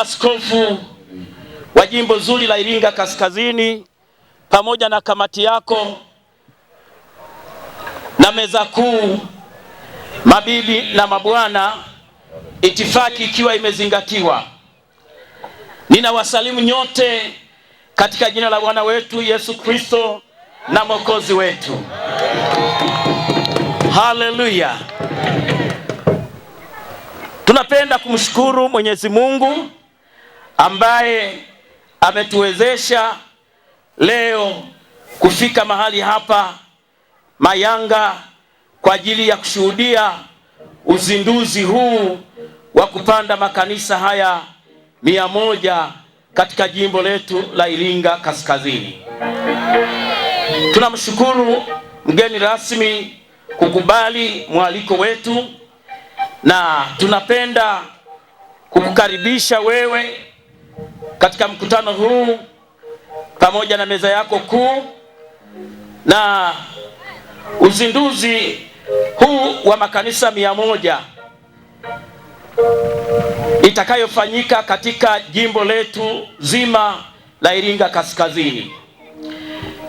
askofu wa jimbo zuri la Iringa Kaskazini pamoja na kamati yako na meza kuu, mabibi na mabwana, itifaki ikiwa imezingatiwa, ninawasalimu nyote katika jina la Bwana wetu Yesu Kristo na Mwokozi wetu. Haleluya! Tunapenda kumshukuru Mwenyezi Mungu ambaye ametuwezesha leo kufika mahali hapa Mayanga kwa ajili ya kushuhudia uzinduzi huu wa kupanda makanisa haya mia moja katika jimbo letu la Iringa Kaskazini. Tunamshukuru mgeni rasmi kukubali mwaliko wetu na tunapenda kukukaribisha wewe katika mkutano huu pamoja na meza yako kuu na uzinduzi huu wa makanisa mia moja itakayofanyika katika jimbo letu zima la Iringa Kaskazini.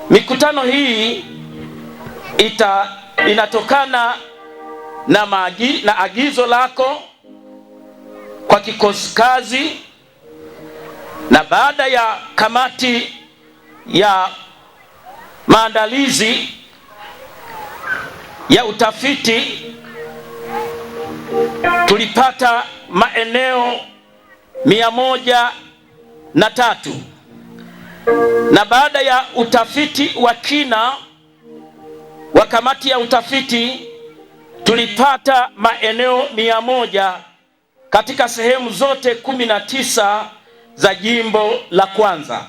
Mikutano hii ita, inatokana na, magi, na agizo lako kwa kikosi kazi na baada ya kamati ya maandalizi ya utafiti tulipata maeneo mia moja na tatu na baada ya utafiti wa kina wa kamati ya utafiti tulipata maeneo mia moja katika sehemu zote kumi na tisa za jimbo la kwanza.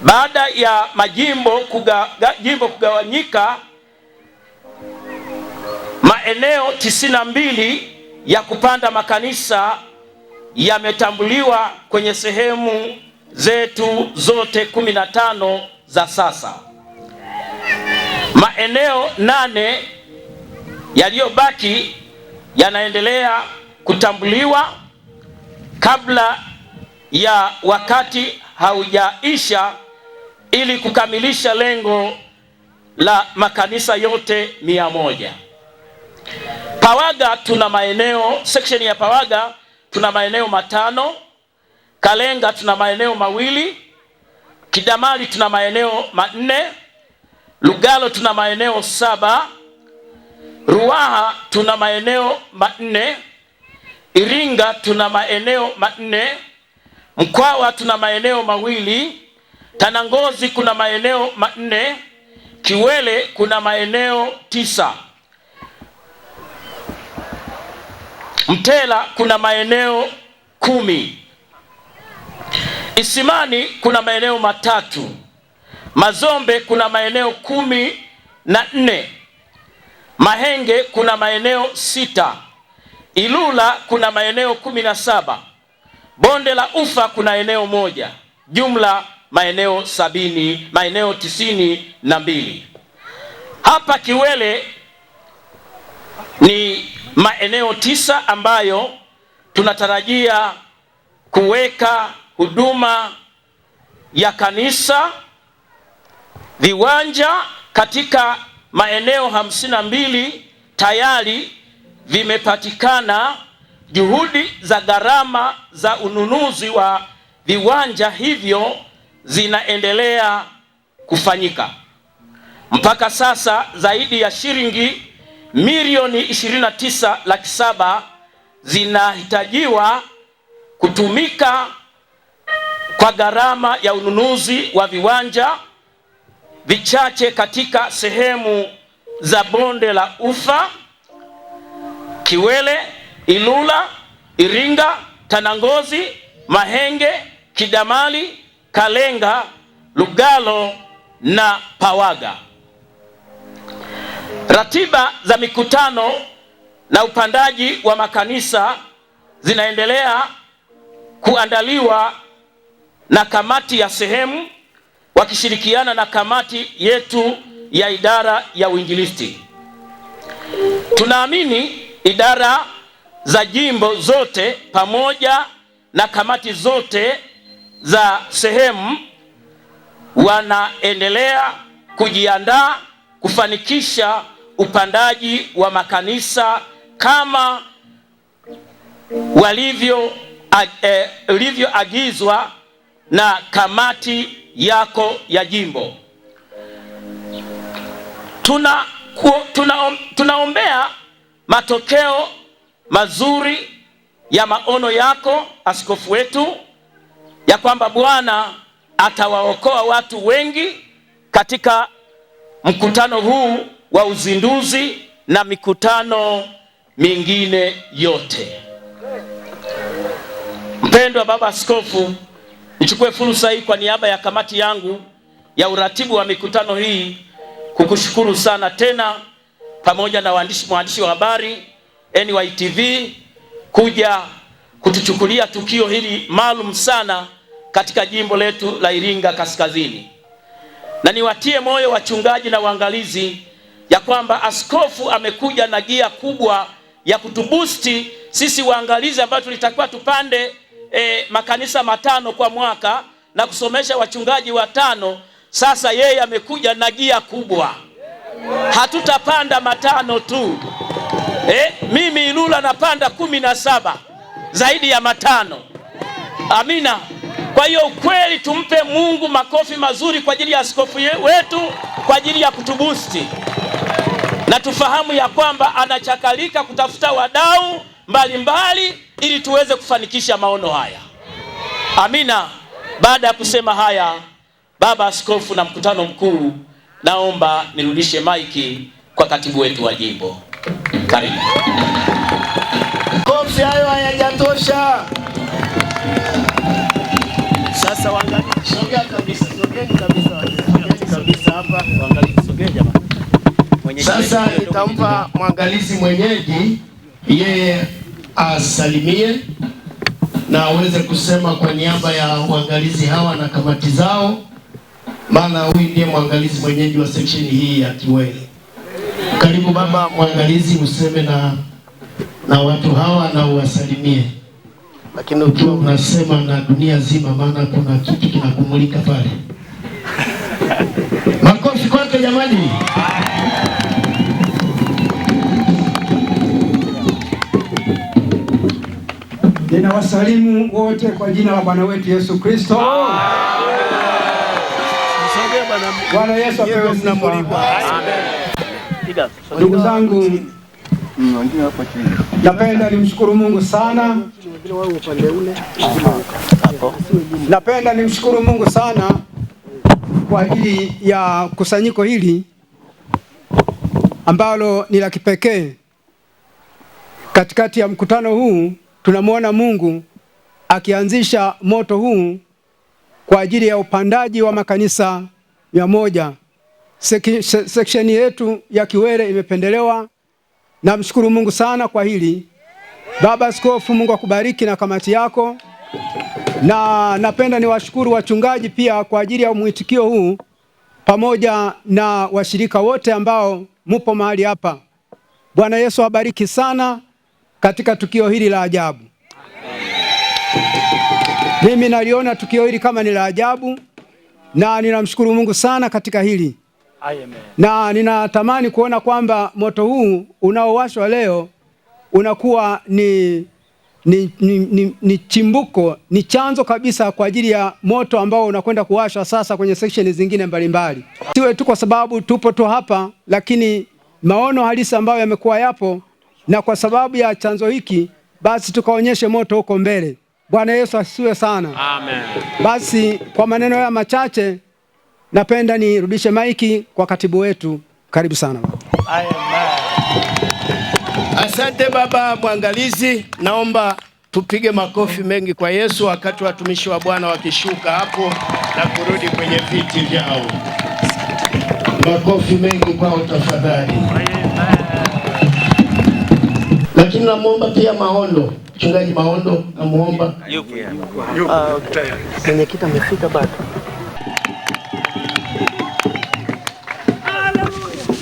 Baada ya majimbo kuga, jimbo kugawanyika maeneo 92 ya kupanda makanisa yametambuliwa kwenye sehemu zetu zote 15 za sasa. Maeneo nane yaliyobaki yanaendelea kutambuliwa kabla ya wakati haujaisha ili kukamilisha lengo la makanisa yote mia moja. Pawaga tuna maeneo section ya Pawaga tuna maeneo matano, Kalenga tuna maeneo mawili, Kidamali tuna maeneo manne, Lugalo tuna maeneo saba, Ruaha tuna maeneo manne, Iringa tuna maeneo manne Mkwawa tuna maeneo mawili, Tanangozi kuna maeneo manne, Kiwele kuna maeneo tisa, Mtela kuna maeneo kumi, Isimani kuna maeneo matatu, Mazombe kuna maeneo kumi na nne, Mahenge kuna maeneo sita, Ilula kuna maeneo kumi na saba Bonde la Ufa kuna eneo moja, jumla maeneo sabini, maeneo tisini na mbili. Hapa Kiwele ni maeneo tisa ambayo tunatarajia kuweka huduma ya kanisa, viwanja katika maeneo hamsini na mbili tayari vimepatikana Juhudi za gharama za ununuzi wa viwanja hivyo zinaendelea kufanyika. Mpaka sasa zaidi ya shilingi milioni 29 laki saba zinahitajiwa kutumika kwa gharama ya ununuzi wa viwanja vichache katika sehemu za bonde la Ufa, Kiwele Ilula, Iringa, Tanangozi, Mahenge, Kidamali, Kalenga, Lugalo na Pawaga. Ratiba za mikutano na upandaji wa makanisa zinaendelea kuandaliwa na kamati ya sehemu wakishirikiana na kamati yetu ya idara ya uinjilisti. Tunaamini idara za jimbo zote pamoja na kamati zote za sehemu wanaendelea kujiandaa kufanikisha upandaji wa makanisa kama walivyo eh, ilivyoagizwa eh, na kamati yako ya jimbo. Tuna, ku, tuna, tunaombea matokeo mazuri ya maono yako askofu wetu, ya kwamba Bwana atawaokoa watu wengi katika mkutano huu wa uzinduzi na mikutano mingine yote. Mpendwa baba askofu, nichukue fursa hii kwa niaba ya kamati yangu ya uratibu wa mikutano hii kukushukuru sana tena, pamoja na waandishi mwandishi wa habari NYTV kuja kutuchukulia tukio hili maalum sana katika jimbo letu la Iringa Kaskazini, na niwatie moyo wachungaji na waangalizi ya kwamba askofu amekuja na gia kubwa ya kutubusti sisi waangalizi ambao tulitakiwa tupande e, makanisa matano kwa mwaka na kusomesha wachungaji watano. Sasa yeye amekuja na gia kubwa, hatutapanda matano tu Eh, mimi Ilula napanda kumi na saba zaidi ya matano. Amina. Kwa hiyo ukweli, tumpe Mungu makofi mazuri kwa ajili ya askofu wetu kwa ajili ya kutubusti, na tufahamu ya kwamba anachakalika kutafuta wadau mbalimbali ili tuweze kufanikisha maono haya. Amina. Baada ya kusema haya, baba askofu na mkutano mkuu, naomba nirudishe maiki kwa katibu wetu wa jimbo. Karibu. Makofi hayo hayajatosha. Sasa Sasa nitampa mwangalizi mwenyeji yeye asalimie na aweze kusema kwa niaba ya waangalizi hawa na kamati zao, maana huyu ndiye mwangalizi mwenyeji wa seksheni hii ya Kiwele. Karibu baba mwangalizi, useme na na watu hawa na uwasalimie, lakini ukiwa unasema na dunia zima, maana kuna kitu kinakumulika pale. Makofi kwake jamani. Ninawasalimu wote kwa jina la Bwana wetu Yesu Kristo. Bwana Yesu apewe sifa. Ndugu zangu, mm, napenda nimshukuru Mungu sana, napenda nimshukuru Mungu sana kwa ajili ya kusanyiko hili ambalo ni la kipekee. Katikati ya mkutano huu tunamwona Mungu akianzisha moto huu kwa ajili ya upandaji wa makanisa mia moja seksheni yetu ya Kiwele imependelewa. Namshukuru Mungu sana kwa hili. Baba Askofu, Mungu akubariki na kamati yako, na napenda niwashukuru wachungaji pia kwa ajili ya mwitikio huu pamoja na washirika wote ambao mupo mahali hapa. Bwana Yesu abariki sana katika tukio hili la ajabu. Mimi naliona tukio hili kama ni la ajabu na ninamshukuru Mungu sana katika hili. Na ninatamani kuona kwamba moto huu unaowashwa leo unakuwa ni, ni, ni, ni, ni chimbuko ni chanzo kabisa kwa ajili ya moto ambao unakwenda kuwashwa sasa kwenye section zingine mbalimbali. Siwe tu kwa sababu tupo tu hapa, lakini maono halisi ambayo yamekuwa yapo, na kwa sababu ya chanzo hiki basi tukaonyeshe moto huko mbele. Bwana Yesu asifiwe sana. Amen. Basi kwa maneno haya machache Napenda nirudishe maiki kwa katibu wetu. Karibu sana baba. Asante baba mwangalizi, naomba tupige makofi mengi kwa Yesu wakati watumishi wa Bwana wakishuka hapo na kurudi kwenye viti vyao. Makofi mengi kwao tafadhali. Lakini namwomba pia Maondo, mchungaji Maondo, namwomba ah, mwenyekiti amefika bado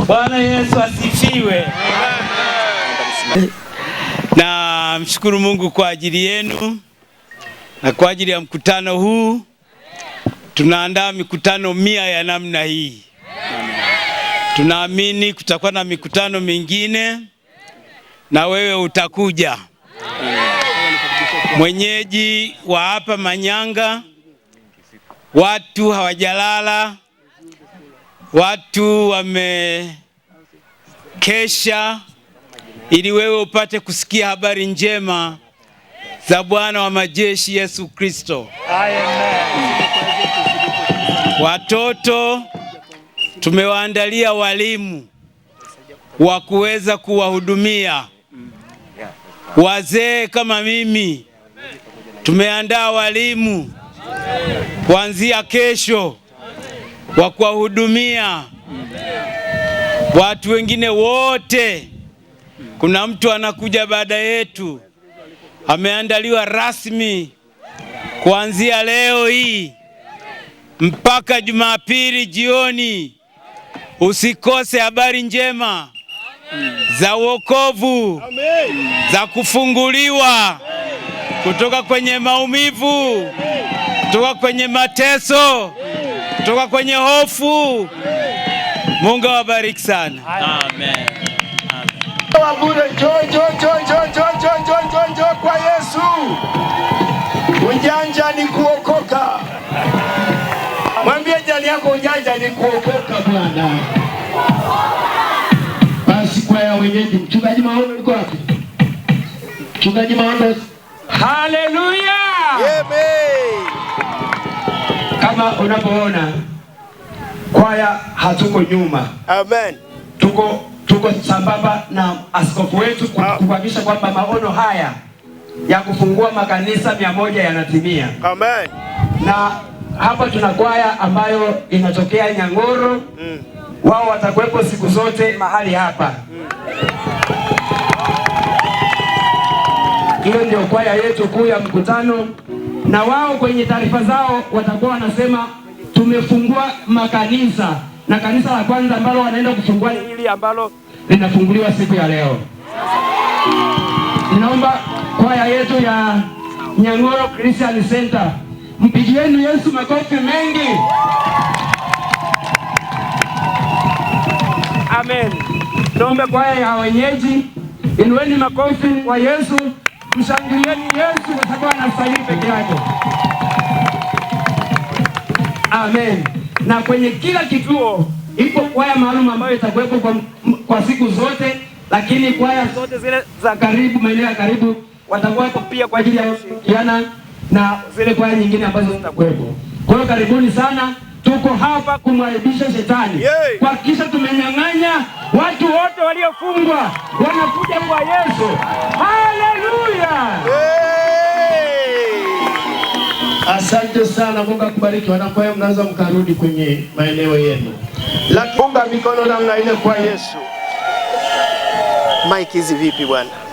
Bwana Yesu asifiwe. Na mshukuru Mungu kwa ajili yenu na kwa ajili ya mkutano huu. Tunaandaa mikutano mia ya namna hii. Tunaamini kutakuwa na mikutano mingine na wewe utakuja mwenyeji wa hapa Manyanga. Watu hawajalala Watu wamekesha ili wewe upate kusikia habari njema za Bwana wa majeshi Yesu Kristo. Watoto tumewaandalia walimu wa kuweza kuwahudumia. Wazee kama mimi tumeandaa walimu kuanzia kesho wa kuwahudumia watu wengine wote. Kuna mtu anakuja baada yetu, ameandaliwa rasmi kuanzia leo hii mpaka Jumapili jioni. Usikose habari njema za wokovu, za kufunguliwa kutoka kwenye maumivu, kutoka kwenye mateso kutoka kwenye hofu. Mungu awabariki sana. Amen. kwa Yesu. Ujanja ni kuokoka. Mwambie jali yako ujanja ni kuokoka bwana. Basi kwa ya wenyeji, mchungaji yuko wapi? Mchungaji Haleluya. Amen kama unapoona kwaya hatuko nyuma. Amen. Tuko tuko sambamba na askofu wetu ah. kuhakikisha kwamba maono haya ya kufungua makanisa mia moja yanatimia. Amen. Na hapa tuna kwaya ambayo inatokea Nyangoro mm. Wao watakuwepo siku zote mahali hapa mm. hiyo Ndio kwaya yetu kuu ya mkutano na wao kwenye taarifa zao watakuwa wanasema tumefungua makanisa, na kanisa la kwanza ambalo wanaenda kufungua ni hili ambalo linafunguliwa siku ya leo. Ninaomba kwaya yetu ya Nyang'oro Christian Center, mpigieni Yesu makofi mengi. Amen. Naomba kwaya ya wenyeji, inueni makofi kwa Yesu. Mshangilieni Yesu kwa sababu anastahili peke yake. Amen. Na kwenye kila kituo ipo kwaya maalum ambayo itakuwepo kwa, kwa siku zote, lakini kwaya zote zile za karibu, maeneo ya karibu watakuwepo pia kwa ajili ya kushirikiana na zile kwaya nyingine ambazo zitakuwepo. Kwa hiyo karibuni sana tuko hapa kumwaribisha shetani, kuhakikisha tumenyang'anya watu wote waliofungwa, wanakuja kwa Yesu. Haleluya! Asante sana, Mungu akubariki. Wanakwaya, mnaweza mkarudi kwenye maeneo yenu. Lafunga mikono namna ile kwa Yesu. Mike hizi vipi bwana?